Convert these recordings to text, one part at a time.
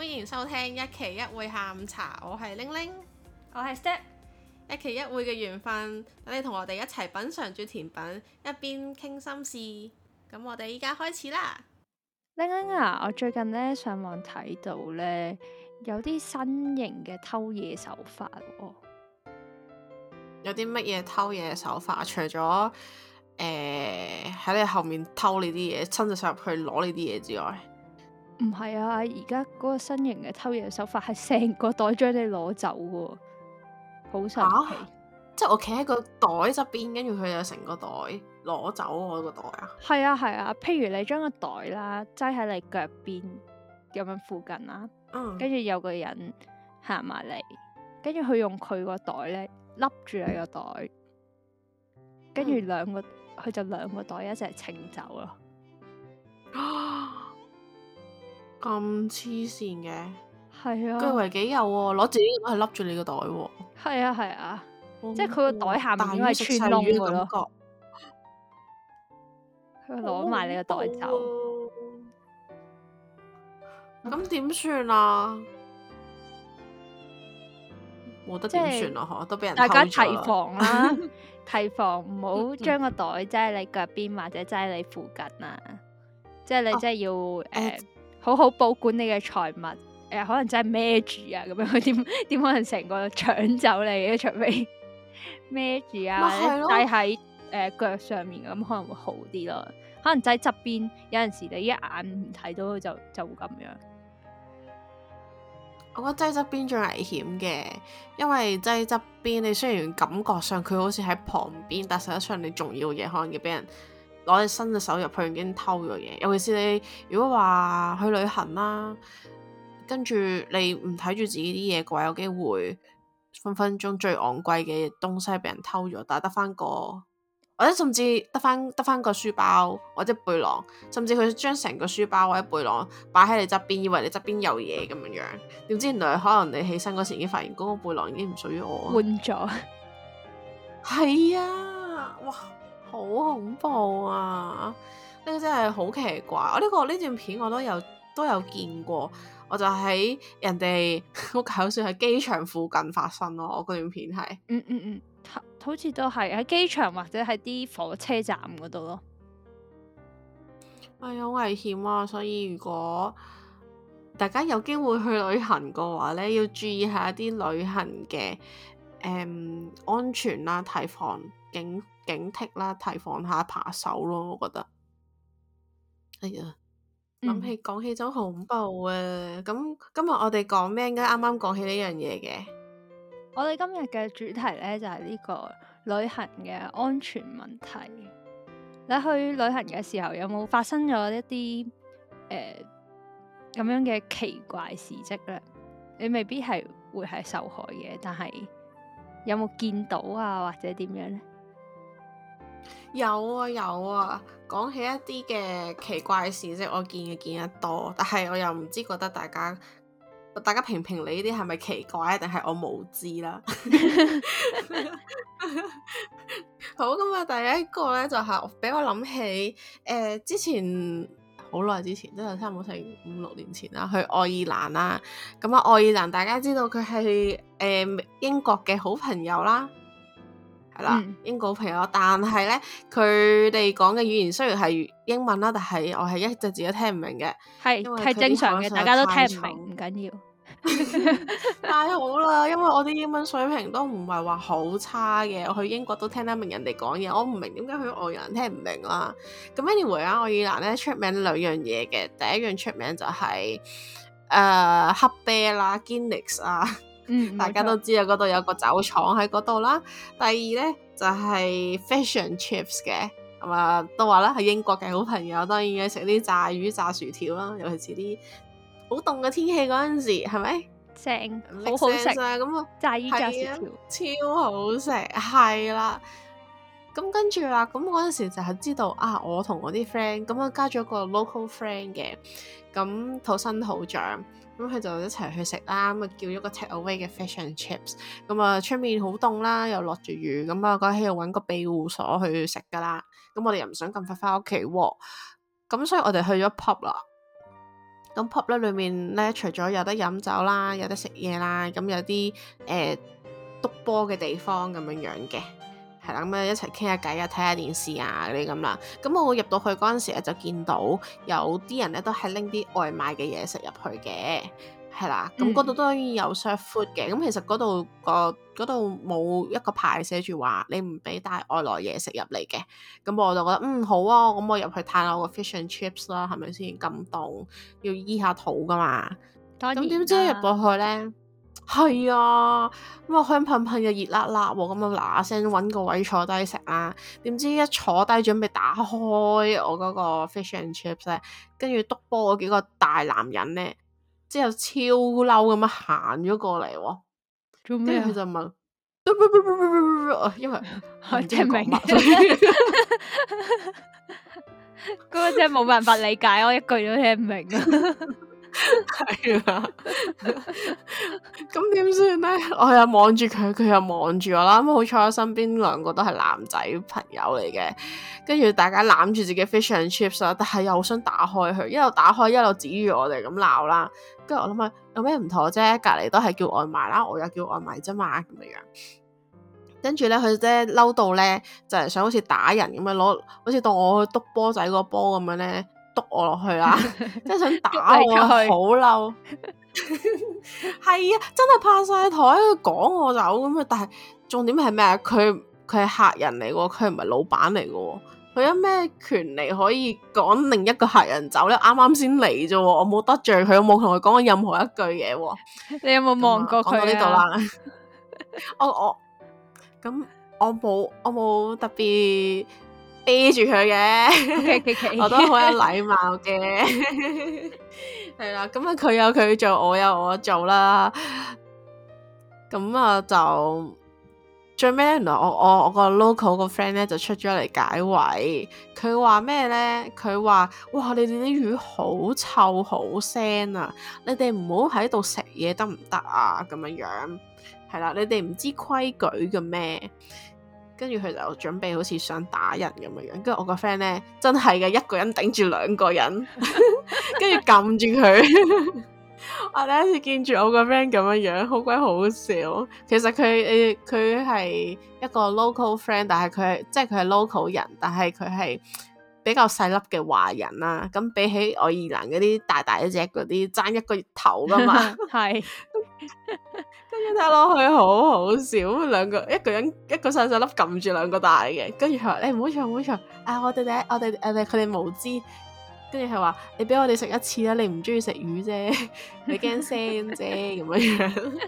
歡迎收聽一期一會下午茶，我係玲玲，我係 Step，一期一會嘅緣分，等你同我哋一齊品嘗住甜品，一邊傾心事。咁我哋依家開始啦，玲玲啊，我最近咧上網睇到咧有啲新型嘅偷嘢手法，有啲乜嘢偷嘢手法？除咗誒喺你後面偷你啲嘢，親自上入去攞你啲嘢之外？唔係啊！而家嗰個新型嘅偷嘢手法係成個袋將你攞走喎，好神奇！啊、即係我企喺個袋側邊，跟住佢就成個袋攞走我個袋啊！係啊係啊！譬如你將個袋啦擠喺你腳邊咁樣附近啦，嗯、跟住有個人行埋嚟，跟住佢用佢個袋咧笠住你個袋，跟住兩個佢、嗯、就兩個袋一齊清走咯。嗯咁黐線嘅，係啊，據為己有喎，攞自己係笠住你個袋喎，係啊係啊，即係佢個袋下面係處窿嘅咯，佢攞埋你個袋走，咁點算啊？冇得點算咯，嗬，都俾人大家提防啦，提防唔好將個袋擠喺你腳邊或者擠喺你附近啊，即係你真係要誒。好好保管你嘅財物，誒、呃、可能真係孭住啊咁樣，佢點點可能成個搶走你嘅，除非孭住啊，帶喺誒腳上面咁可能會好啲咯。可能擠側邊，有陣時你一眼唔睇到佢就就會咁樣。我覺得擠側邊最危險嘅，因為擠側邊你雖然感覺上佢好似喺旁邊，但實際上你重要嘅嘢可能要俾人。攞隻新嘅手入去已經偷咗嘢，尤其是你如果話去旅行啦、啊，跟住你唔睇住自己啲嘢嘅話有機會分分鐘最昂貴嘅東西俾人偷咗，但係得翻個，或者甚至得翻得翻個書包或者背囊，甚至佢將成個書包或者背囊擺喺你側邊，以為你側邊有嘢咁樣樣，點知原來可能你起身嗰時已經發現嗰個背囊已經唔屬於我，換咗了，係啊，哇！好恐怖啊！呢、這個真係好奇怪。我、哦、呢、這個呢段片我都有都有見過，我就喺人哋屋企，好似喺機場附近發生咯。我嗰段片係、嗯，嗯嗯嗯，好似都係喺機場或者喺啲火車站嗰度咯。係好、哎、危險啊！所以如果大家有機會去旅行嘅話呢，要注意一下一啲旅行嘅誒、嗯、安全啦，提防警。警惕啦，提防下扒手咯。我覺得係啊，哎，諗起講、嗯、起咗恐怖啊，咁今日我哋講咩？應該啱啱講起呢樣嘢嘅。我哋今日嘅主題咧就係、是、呢、這個旅行嘅安全問題。你去旅行嘅時候有冇發生咗一啲誒咁樣嘅奇怪事迹咧？你未必係會係受害嘅，但係有冇見到啊，或者點樣咧？有啊有啊，講起一啲嘅奇怪事，即我見嘅見得多，但係我又唔知，覺得大家大家評評理呢啲係咪奇怪，定係我冇知啦。 好咁啊、嗯，第一個呢就係、是、俾我諗起，誒、呃，之前好耐之前，即係差唔多成五六年前啦，去愛爾蘭啦。咁、嗯、啊，愛爾蘭大家知道佢係誒英國嘅好朋友啦。嗯、英國朋友，但係咧，佢哋講嘅語言雖然係英文啦，但係我係一直自己聽唔明嘅，是因為 係係正常嘅，大家都聽唔明，唔緊要， 太好啦！因為我啲英文水平都唔係話好差嘅，我去英國都聽得明人哋講嘢，我唔明點解去外人聽唔明啦。咁 anyway 啊，愛爾蘭咧出名兩樣嘢嘅，第一樣出名就係、是、誒、呃、黑啤啦、Guinness 啊。嗯、大家都知啦，嗰度冇錯有個酒廠喺嗰度啦。第二呢，就係、是、fashion chips 嘅咁啊，都話啦，係英國嘅好朋友當然要食啲炸魚炸薯條啦，尤其是啲好凍嘅天氣嗰陣時，係咪正 Make sense 好好食啊？咁啊，炸魚炸薯條、啊、超好食，係啦、啊。咁跟住啦、啊，咁嗰陣時就係知道啊，我同我啲 friend 咁啊加咗個 local friend 嘅，咁土生土長。咁佢就一齊去食啦，咁啊叫咗個 take away 嘅 fish and chips。咁啊出面好凍啦，又落住雨，咁啊嗰日喺度揾個庇護所去食噶啦。咁我哋又唔想咁快翻屋企喎，咁所以我哋去咗 pub 啦。咁 pub 咧裏面咧，除咗有得飲酒啦，有得食嘢啦，咁有啲誒篤波嘅地方咁樣樣嘅。.係啦，咁啊一齊傾下偈啊，睇下電視啊嗰啲咁啦。咁我入到去嗰陣時咧，就見到有啲人咧都係拎啲外賣嘅嘢食入去嘅，係啦。咁嗰度都可以有 shop food 嘅。咁其實嗰度個嗰度冇一個牌寫住話你唔俾帶外來嘢食入嚟嘅。咁我就覺得嗯，好啊，咁我入去嘆下我嘅 fish and chips 啦，係咪先？咁凍，要醫下肚噶嘛。咁點知入到去咧？係啊，咁啊香噴噴又熱辣辣，咁啊嗱嗱聲揾個位坐低食啊，點知一坐低準備打開我嗰個 fish and chips 咧，跟住督波嗰幾個大男人咧，之後超嬲咁樣行咗過嚟，跟住佢就問，因為我真聽明啊，嗰 個真係冇辦法理解， 我一句都聽唔明啊。 係啊，咁點算咧？我又望住佢，佢又望住我啦。咁好彩，我身邊兩個都係男仔朋友嚟嘅，跟住大家攬住自己 fish and chips 啦，但係又好想打開佢，一路打開一路指住我哋咁鬧啦。跟住我諗下，有咩唔妥啫？隔籬都係叫外賣啦，我又叫外賣啫嘛，咁樣樣。跟住咧，佢即嬲到咧，就係想好似打人咁樣，攞好似當我去篤波仔個波咁樣咧。我落去啦，即係想打我， 他好嬲生。係 啊，真係拍晒台，佢趕我走咁啊！但係重點係咩啊？佢佢係客人嚟嘅，佢唔係老闆嚟嘅。佢有咩權利可以趕另一個客人走咧？啱啱先嚟啫，我冇得罪佢，我冇同佢講過任何一句嘢。你有冇望過佢啊？到呢度 我我咁我冇我冇特別。A 住佢嘅，我都好有禮貌嘅，係 啦。咁啊，佢有佢做，我有我做啦。咁 啊，就最尾咧，原來我我我個 local 個 friend 咧就出咗嚟解圍。佢話咩咧？佢話：哇，你哋啲魚好臭好腥啊！你哋唔好喺度食嘢得唔得啊？咁樣樣係啦，你哋唔知規矩嘅咩？跟住佢就準備好似想打人咁樣樣，跟住我個 friend 咧真係嘅一個人頂住兩個人，跟住撳住佢。我 第一次見住我個 friend 咁樣樣，好鬼好笑。其實佢誒佢係一個 local friend，但係佢係即係佢係 local 人，但係佢係。比較細粒嘅華人啦、啊，咁、嗯、比起愛爾蘭嗰啲大大一隻嗰啲爭一個月頭噶嘛，係， 跟住睇落去好好笑，咁兩個一個人一個細細粒撳住兩個大嘅，跟住佢話：你唔好嘈唔好嘈，啊我哋第一我哋誒佢哋無知，跟住佢話你俾我哋食一次啦，你唔中意食魚啫，你驚腥啫咁樣樣。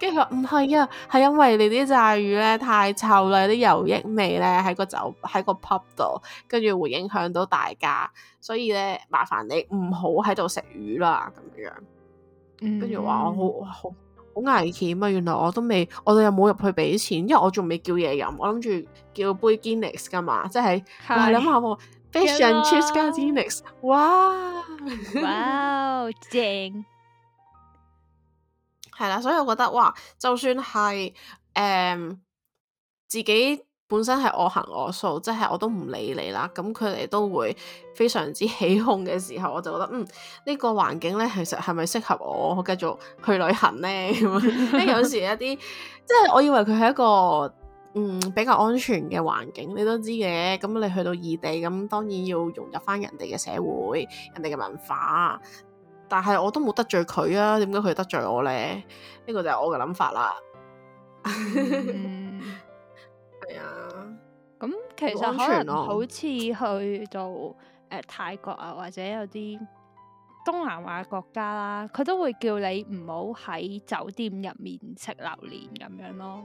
跟住佢話唔係啊，係因為你啲炸魚咧太臭啦，啲油溢味咧喺個酒喺個 pub 度，跟住會影響到大家，所以咧麻煩你唔好喺度食魚啦咁樣。嗯，跟住話我好好好危險啊！原來我都未，我哋又冇入去俾錢，因為我仲未叫嘢飲，我諗住叫杯 Guinness 噶嘛，即係是我係諗下 fish and cheese 加 Guinness s 哇哇正！係啦， 所以我覺得哇，就算係誒、呃、自己本身係我行我素，即係我都唔理你啦，咁佢哋都會非常之起哄嘅時候，我就覺得嗯呢個環境咧，其實係咪適合我繼續去旅行呢？咁啊，有時有一啲即係我以為佢係一個嗯比較安全嘅環境，你都知嘅，咁你去到異地咁，當然要融入翻人哋嘅社會、人哋嘅文化。但係我都冇得罪佢啊，點解佢得罪我咧？呢、這個就係我嘅諗法啦、嗯。係 啊，咁其實、啊、可能好似去到誒、呃、泰國啊，或者有啲東南亞國家啦、啊，佢都會叫你唔好喺酒店入面食榴蓮咁樣咯。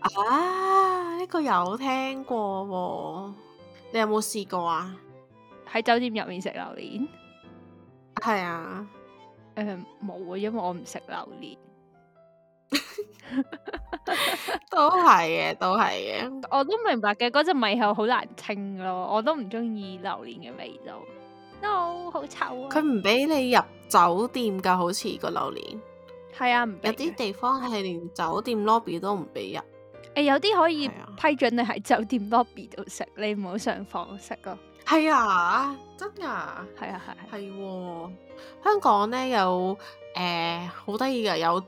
啊，呢、這個有聽過喎、啊？你有冇試過啊？喺酒店入面食榴蓮？係啊，誒、呃，冇啊，因為我唔食榴蓮， 都係嘅，都係嘅，我都明白嘅。嗰隻味係好難清咯，我都唔中意榴蓮嘅味道，no，好臭啊！佢唔俾你入酒店噶，好似個榴蓮。係啊，唔俾，有啲地方係連酒店 lobby 都唔俾入。誒，有啲可以批准你喺酒店 lobby 度食，你唔好上房食啊。係啊。真㗎，係啊，係，係喎、嗯。香港呢，有，誒、呃，好得意㗎，有。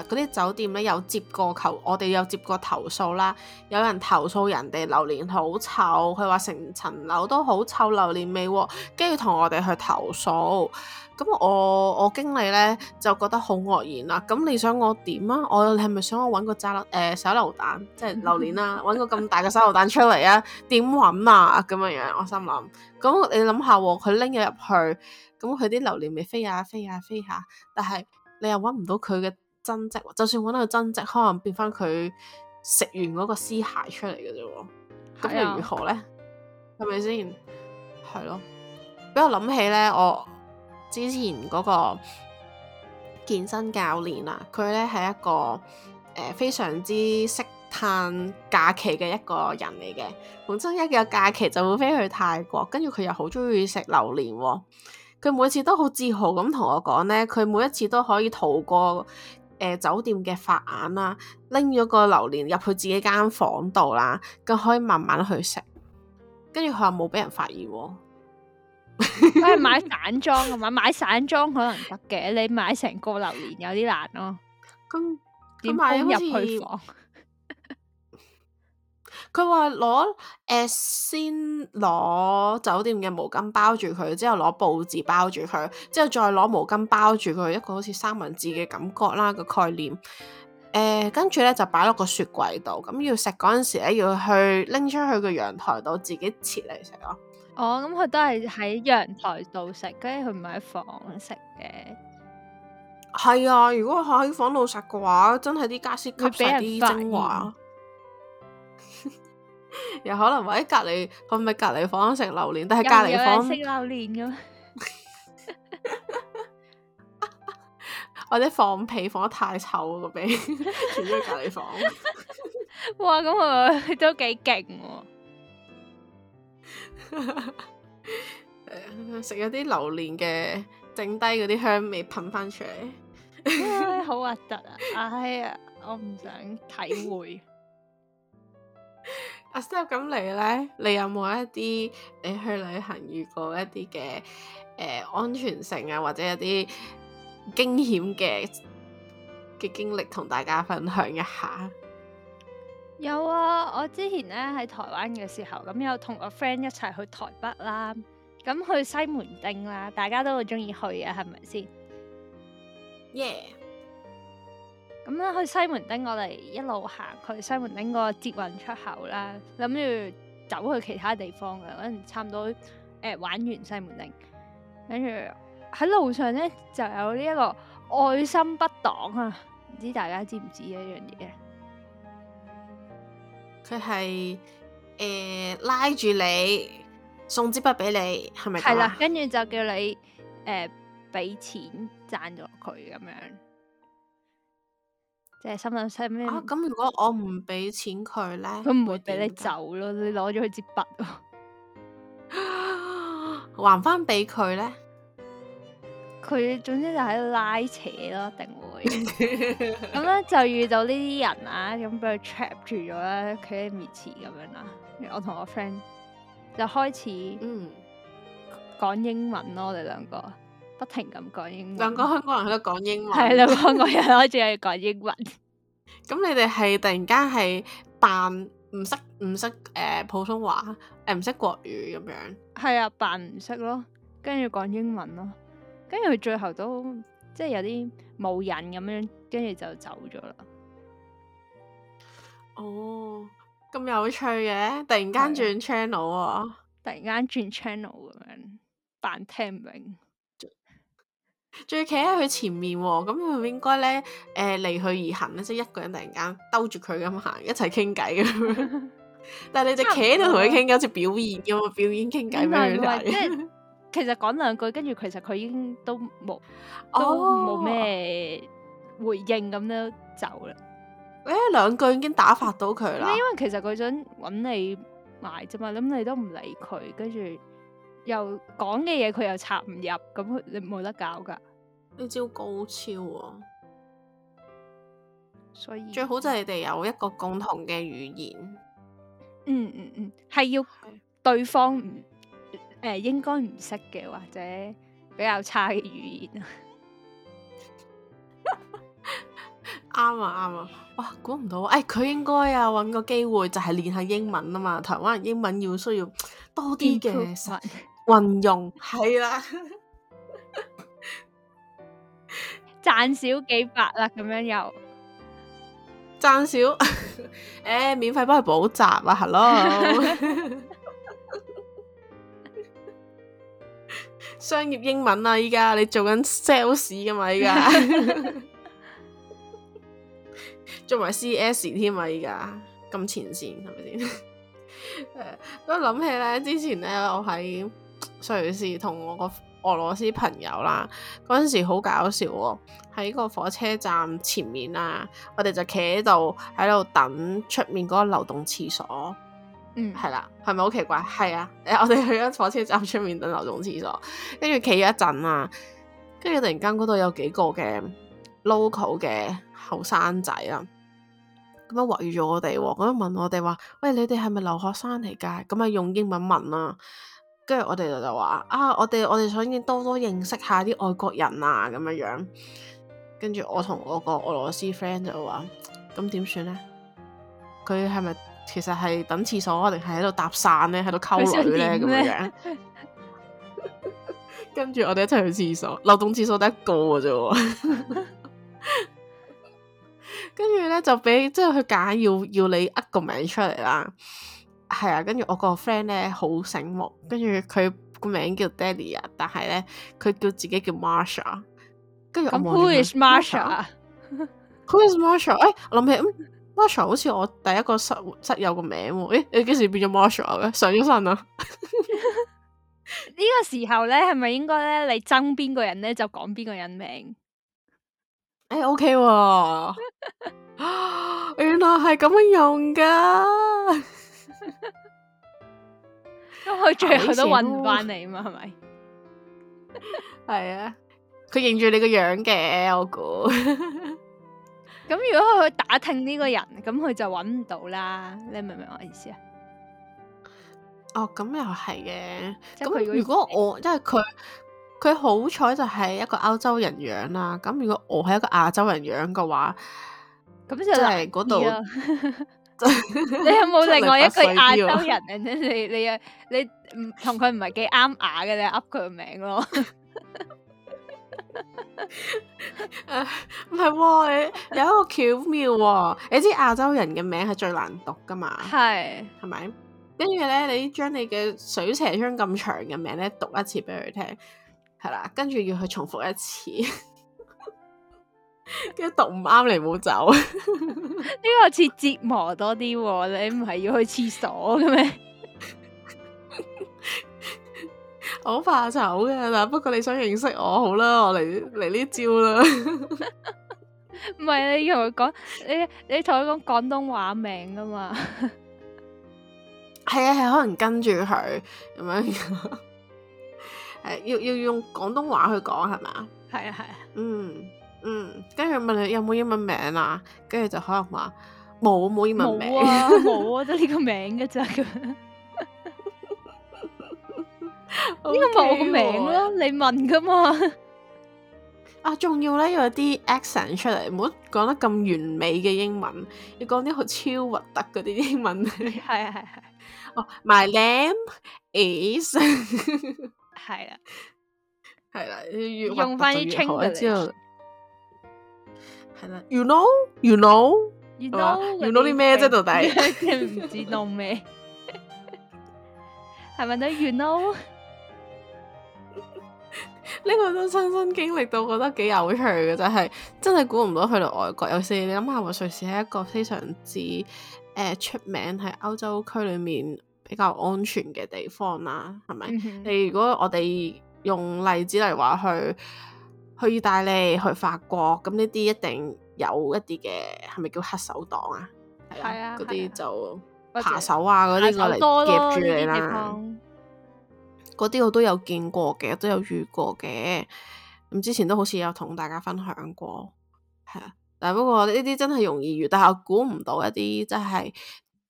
嗰啲酒店咧有接過球，我哋有接過投訴啦。有人投訴人哋榴蓮好臭，佢話成層樓都好臭榴蓮味、喔，跟住同我哋去投訴。咁我我經理咧就覺得好愕然啦。咁你想我點啊？我係咪想我揾個炸誒、呃、手榴彈，即係榴蓮啊？揾 個咁大嘅手榴彈出嚟啊？點揾啊？咁樣樣我心諗。咁你諗下、啊，佢拎咗入去，咁佢啲榴蓮味飛下、啊、飛下、啊、飛下、啊啊，但係你又揾唔到佢嘅。增值，就算揾到增值，可能變翻佢食完嗰個屍骸出嚟嘅啫，咁的又如何呢？係咪先？係咯，俾我諗起呢，我之前嗰個健身教練啊，佢呢係一個誒、呃、非常之識嘆假期嘅一個人嚟嘅。本身一個假期就會飛去泰國，跟住佢又好中意食榴蓮。佢每次都好自豪咁同我講呢，佢每一次都可以逃過。誒，酒店嘅法眼啦，拎咗個榴蓮入去自己間房度啦，咁可以慢慢去食。跟住佢又冇俾人發現，佢係買散裝嘅嘛？買散裝可能得嘅，你買成個榴蓮有啲難咯。咁點搬入去房？佢話攞誒，先攞酒店嘅毛巾包住佢，之後攞報紙包住佢，之後再攞毛巾包住佢，一個好似三文治嘅感覺啦，個概念。誒、呃，跟住咧就擺落個雪櫃度，咁、嗯嗯、要食嗰陣時咧，要去拎出去個陽台度自己切嚟食咯。哦，咁、嗯、佢都係喺陽台度食，跟住佢唔喺房食嘅。係啊，如果喺房度食嘅話，真係啲家私吸曬啲精又可能話喺隔籬，佢咪隔籬房食榴蓮但係隔籬房食榴蓮咁， 或者放屁放得太臭嗰個味，全喺隔籬房。哇，咁佢都幾勁喎！食咗啲榴蓮嘅，剩低嗰啲香味噴翻出嚟、 哎，好核突啊！唉、哎、呀，我唔想體會。 阿 Step 咁你呢？你有冇一啲你去旅行遇過一啲嘅誒，安全性啊，或者一啲驚險嘅嘅經歷，同大家分享一下？有啊，我之前呢喺台灣嘅時候，咁有同個 friend 一齊去台北啦，咁去西門町啦，大家都好中意去啊，係咪先耶？Yeah. 咁咧、嗯、去西門町，我哋一路行去西門町個捷運出口啦，諗住走去其他地方嘅，跟住差唔多誒、呃、玩完西門町，跟住喺路上咧就有呢一個愛心筆檔啊，唔知大家知唔知呢樣嘢？佢係誒拉住你，送支筆俾你，係咪？係啦，跟住就叫你誒俾、呃、錢贊助佢咁樣。即係心諗使咩？咁、啊、如果我唔俾錢佢咧，佢唔會俾你走咯，啊。你攞咗佢支筆，還翻俾佢咧？佢總之就喺度拉扯咯，定會咁咧、 嗯、就遇到呢啲人啊，咁俾佢 trap 住咗咧，企喺面前咁樣啦。我同我 friend 就開始嗯講英文咯，我哋兩個。不停咁講英文，兩個香港人喺度講英文，係兩個香港人開始喺度講英文。咁你哋係突然間係扮唔識唔識誒普通話誒唔識國語咁樣？係啊，扮唔識咯，跟住講英文咯，跟住佢最後都即係有啲冇癮咁樣，跟住就走咗啦。哦，咁有趣嘅，突然間轉 channel 啊，突然間轉 channel 咁樣扮聽唔明。仲要企喺佢前面，咁唔應該咧？誒、呃，離佢而行咧，即、就、係、是、一個人突然間兜住佢咁行，一齊傾偈咁樣。 但係你就企喺度同佢傾，好似 表演咁啊！表演傾偈咩？唔係 其實講兩句，跟住其實佢已經都冇，都冇咩回應咁、哦、樣走啦。誒、欸，兩句已經打發到佢啦。因為其實佢想搵你埋啫嘛，咁你都唔理佢，跟住又講嘅嘢佢又插唔入，咁你冇得搞噶。要招高超啊，所以最好就係你哋有一個共同嘅語言。嗯嗯嗯，係要對方唔誒應該唔識嘅或者比較差嘅語言啊。啱啊啱啊，哇，估唔到，誒，佢應該啊揾個機會就係練下英文啊嘛。台灣人英文要需要多啲嘅實運用，係啦。賺少幾百啦，咁樣又賺賺少，誒、 欸，免費幫佢補習啊，係咯 Hello， 商業英文啊，依家你做緊 sales 噶嘛，依家做埋 CS 添啊，依家咁前線係咪先？誒，不過 諗起咧，之前咧我喺瑞士同我個。俄羅斯朋友啦，嗰陣時好搞笑喎，喺個火車站前面啦，我哋就企喺度喺度等出面嗰個流動廁所，嗯，係啦，係咪好奇怪？係啊，我哋去咗火車站出面等流動廁所，跟住企咗一陣啊，跟住突然間嗰度有幾個嘅 local 嘅後生仔啊，咁樣圍住我哋，咁樣問我哋話：「喂，你哋係咪留學生嚟㗎？咁啊用英文問啊！跟住我哋就就話啊，我哋我哋想多多認識下啲外國人啊，咁樣樣。我跟住我同我個俄羅斯 friend 就話：，咁點算呢？佢係咪其實係等廁所，定係喺度搭訕呢？喺度溝女呢？樣」咁樣？跟住我哋一齊去廁所，流動廁所得一個咋啫。跟 住呢，就俾即係佢揀，要要你呃個名出嚟啦。係啊、嗯，跟住我個 friend 咧好醒目，跟住佢個名叫 Daddy 啊，但係咧佢叫自己叫 Marsha，跟住我 who is Marsha，who is Marsha，誒我諗起 Marsha 好似我第一個室室友個名喎，誒、哎、你幾時變咗 Marsha 咧？上咗身啊？呢 個時候咧係咪應該咧你憎邊個人咧就講邊個人名？誒、欸嗯哎、OK 喎， 原來係咁樣用噶。因為佢最後都揾唔翻你啊嘛，係咪 吧？係啊，佢認住你個樣嘅，我估。咁如果佢去打聽呢個人，咁佢就揾唔到啦。你明唔明我意思啊？哦，咁又係嘅。咁 如果我，因為佢佢好彩就係一個歐洲人樣啦。咁如果我係一個亞洲人樣嘅話，咁 就係能度。 你有冇另外一個亞洲人？你你，你，你，你 啊，你唔同佢唔係幾啱牙嘅，你噏佢個名咯。唔係，你有一個巧妙、哦。你知亞洲人嘅名係最難讀噶嘛？係係咪？跟住咧，你將你嘅水蛇漿咁長嘅名咧讀一次俾佢聽，係啦，跟住要佢重複一次。跟住讀唔啱，你冇走。呢個似折磨多啲、啊，你唔係要去廁所嘅咩？ 我好怕醜嘅，但不過你想認識我，好啦，我嚟嚟呢招啦。唔係你同佢講，你你同佢講廣東話名㗎嘛。係 啊，係可能跟住佢咁樣。誒、 啊，要要用廣東話去講係嘛？係啊，係啊，嗯。嗯，跟住問你有冇英文名啊，跟住就可能話冇冇英文名啊，冇啊，得呢個名嘅啫咁。呢個咪我個名咯，你問噶嘛？啊，仲要咧，又有啲 accent 出嚟，唔好講得咁完美嘅英文，要講啲好超核突嗰啲英文。係啊係，係，哦，my name is，係啊，係啦，用翻啲 Chinglish。you know you know you know you know 啲咩啫到底？真唔知弄咩，係咪都 know？呢 個都親身，身經歷到，覺得幾有趣嘅就係、是，真係估唔到去到外國。有事你諗下，瑞士係一個非常之誒、呃、出名喺歐洲區裏面比較安全嘅地方啦，係咪？你、mm hmm. 如果我哋用例子嚟話去。去意大利、去法國，咁呢啲一定有一啲嘅，係咪叫黑手黨啊？係啊，嗰啲的就扒手啊，嗰啲謝過嚟夾住你啦。嗰啲我都有見過嘅，都有遇過嘅。咁之前都好似有同大家分享過，係啊。但係不過呢啲真係容易遇，但係我估唔到一啲即係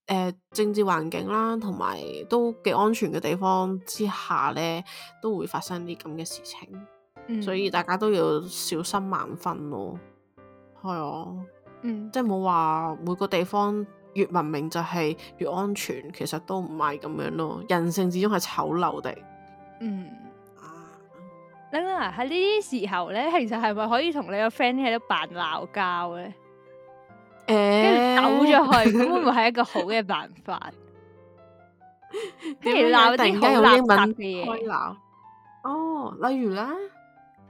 誒政治環境啦，同埋都幾安全嘅地方之下咧，都會發生啲咁嘅事情。所以大家都要小心萬分咯。哦，係啊，嗯，即係冇話每個地方越文明就係越安全，其實都唔係咁樣咯。人性始終係醜陋的。嗯，啦啊，喺呢啲時候咧，其實係咪可以同你個 friend 喺度扮鬧交咧？誒、欸，跟住走咗去，會唔會係一個好嘅辦法？跟住鬧定好難答嘅嘢，哦，例如啦。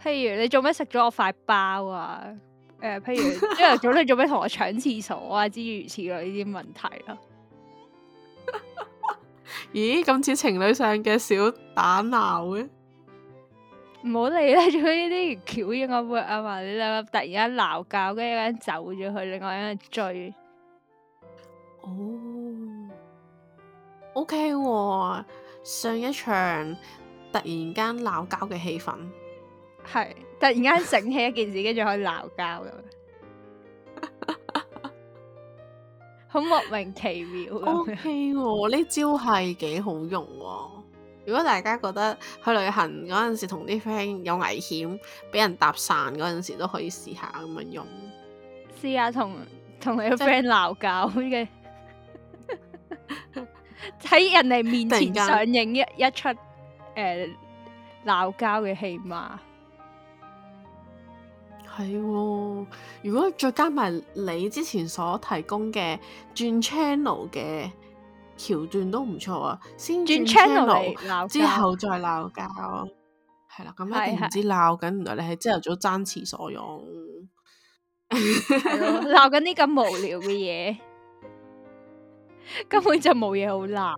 譬如你做咩食咗我塊包啊？誒、呃，譬如朝頭早你做咩同我搶廁所啊？諸如此類呢啲問題咯、啊。 咦，咁似情侶上嘅小打鬧嘅。唔好理啦，做呢啲橋應個 work 啊嘛！你兩個突然間鬧交，跟住一個走咗去，另外一個追。Oh, okay、哦。O K，上一場突然間鬧交嘅氣氛。係突然間醒起一件事，跟住 可以鬧交咁樣，好 莫名其妙。O K，呢招係幾好用。如果大家覺得去旅行嗰陣時同啲 friend 有危險，俾人搭訕，嗰陣時都可以試下咁樣用，試下同同你個 friend 鬧交嘅，喺人哋面前上映一然一,一出誒鬧交嘅戲碼。呃係、啊，如果再加埋你之前所提供嘅轉 channel 嘅橋段都唔錯啊，先轉 channel 之後再鬧交，係啦、嗯，咁、啊、一定唔知鬧緊，原來是你喺朝頭早爭廁所用，鬧緊啲咁無聊嘅嘢， 根本就冇嘢好鬧。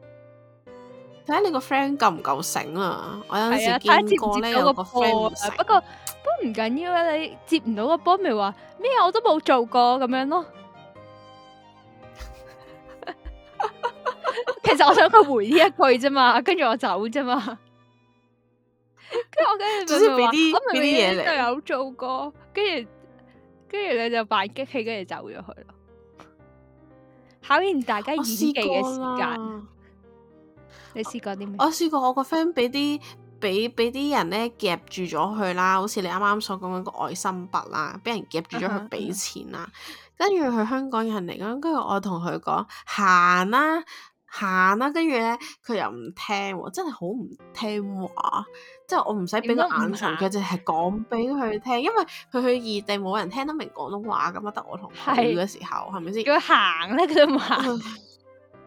睇下你個 friend 夠唔夠醒啊！我有陣時見過咧有個 friend 不過。都唔緊要啊！你接唔到個波咪話咩？我都冇做過咁樣咯。其實我想佢回呢一句啫嘛，跟住我走啫嘛。跟住我跟住俾啲嘢你都有做過，跟住跟住你就扮激氣，跟住走咗去咯。考驗大家演技嘅時間，你試過啲咩？我試過，我個 friend 俾啲。俾俾啲人咧夾住咗佢啦，好似你啱啱所講個愛心筆啦，俾人夾住咗佢俾錢啦，uh huh. 跟住佢香港人嚟啦，跟住我同佢講行啦，行啦、啊，跟住咧佢又唔聽喎、哦，真係好唔聽話，即係我唔使俾個眼神，佢走，淨係講俾佢聽，因為佢去異地冇人聽得明廣東話咁，得我同佢嘅時候係咪先？佢行咧，佢都唔行。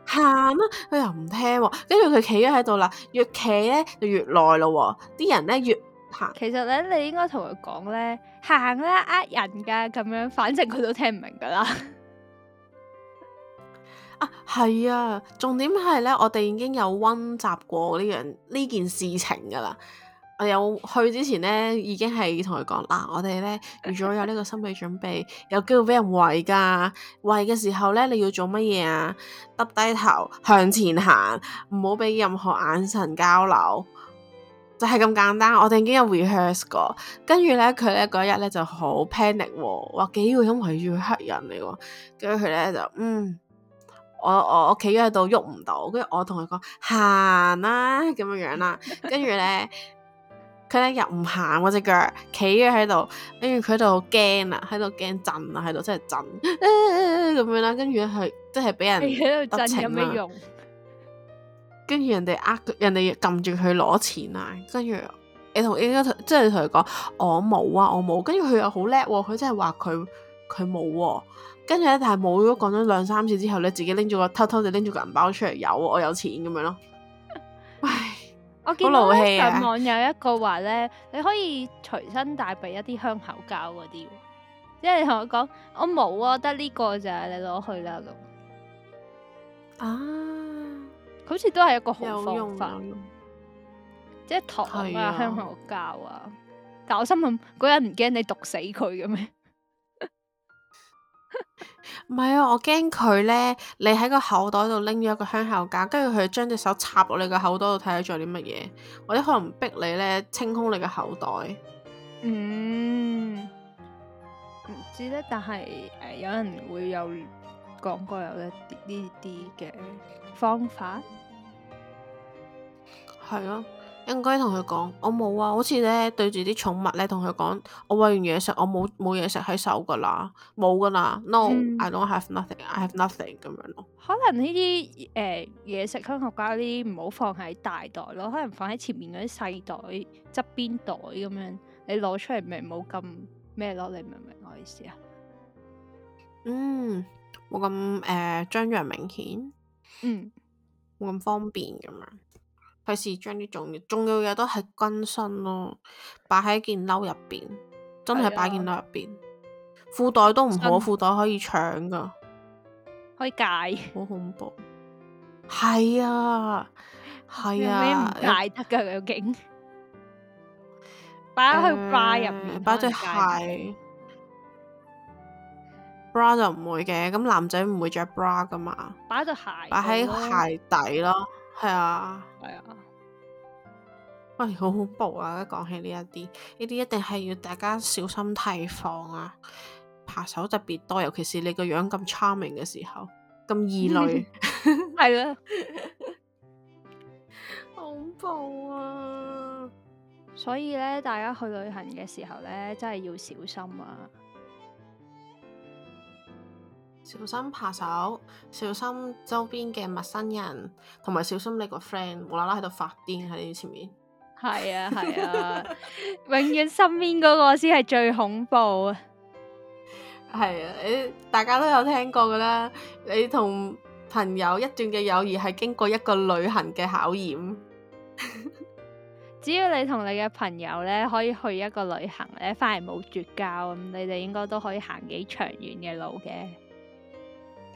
行啦，佢、啊、又唔聽、啊，跟住佢企咗喺度啦，越企咧就越耐咯、啊，啲人咧越行。其實咧，你應該同佢講咧，行啦、啊，呃人噶，咁樣，反正佢都聽唔明噶啦。啊，係啊，重點係咧，我哋已經有溫習過呢樣呢件事情噶啦。我有去之前咧，已經係同佢講嗱，我哋咧預咗有呢個心理準備，有機會俾人圍噶，圍嘅時候咧，你要做乜嘢啊？耷低頭向前行，唔好俾任何眼神交流，就係咁簡單。我哋已經有 rehearse 過，跟住咧，佢咧嗰日咧就好 panic，話幾個人圍住黑人嚟喎，跟住佢咧就嗯，我我我企喺度喐唔到，跟住我同佢講，行啦，咁樣樣啦，跟住咧。 佢咧又唔行嗰隻腳，企咗喺度，跟住佢喺度驚啦，喺度驚震啦，喺度真係震，咁樣啦，跟住佢真係俾人，你喺度震有咩用？跟住人哋呃人哋撳住佢攞錢啊，跟住你同 A 哥即係同佢講，我冇啊，我冇，跟住佢又好叻喎，佢真係話佢佢冇喎，跟住咧但係冇咗講咗兩三次之後咧，自己拎住個偷偷地拎住個銀包出嚟有，我有錢咁樣咯。我見到咧、啊、上網有一個話咧，你可以隨身帶備一啲香口膠嗰啲，即係你同我講，我冇啊，得呢個咋，你攞去啦咁。啊，好似都係一個好方法，即係糖啊，啊香口膠啊。但係我心諗，嗰人唔驚你毒死佢嘅咩？ 唔係 啊，我驚佢呢。你喺個口袋度拎咗一個香口膠，跟住佢將隻手插落你個口袋度睇下做啲乜嘢，或者可能逼你呢，清空你個口袋。嗯，唔知咧，但係有人會有講過有一啲呢啲嘅方法，係 啊。應該同佢講，我冇啊，好似咧對住啲寵物咧，同佢講，我餵完嘢食，我冇冇嘢食喺手噶啦，冇噶啦，No，I、嗯、don't have nothing，I have nothing 咁樣咯。可能呢啲誒嘢食香口膠啲唔好放喺大袋咯，可能放喺前面嗰啲細袋側邊袋咁樣，你攞出嚟咪冇咁咩咯？你明唔明我意思啊？嗯，冇咁誒張揚明顯，嗯，冇咁方便咁樣。佢是將啲種嘢，重要嘅都係跟身咯，擺喺件褸入邊，啊、真係擺件褸入邊，褲袋都唔好，褲身袋可以搶噶，可以解，好恐怖，係啊，係啊，咩唔得噶？有驚、嗯，擺喺 bra 入面，擺對、嗯、鞋，bra 就唔會嘅，咁男仔唔會着 bra 噶嘛，擺對鞋，擺喺鞋底咯。係啊，係啊，喂，好恐怖啊！而家講起呢一啲，呢啲一定係要大家小心提防啊！扒手特別多，尤其是你個樣咁 charming 嘅時候，咁異類，係啦，好恐怖啊！所以咧，大家去旅行嘅時候咧，真係要小心啊！小心扒手，小心周邊嘅陌生人，同埋小心你個 friend 無啦啦喺度發癲喺你前面。係啊，係啊，永遠身邊嗰個先係最恐怖 啊！係啊，你大家都有聽過㗎啦。你同朋友一段嘅友誼係經過一個旅行嘅考驗。 只要你同你嘅朋友咧可以去一個旅行咧，翻嚟冇絕交，咁你哋應該都可以行幾長遠嘅路嘅。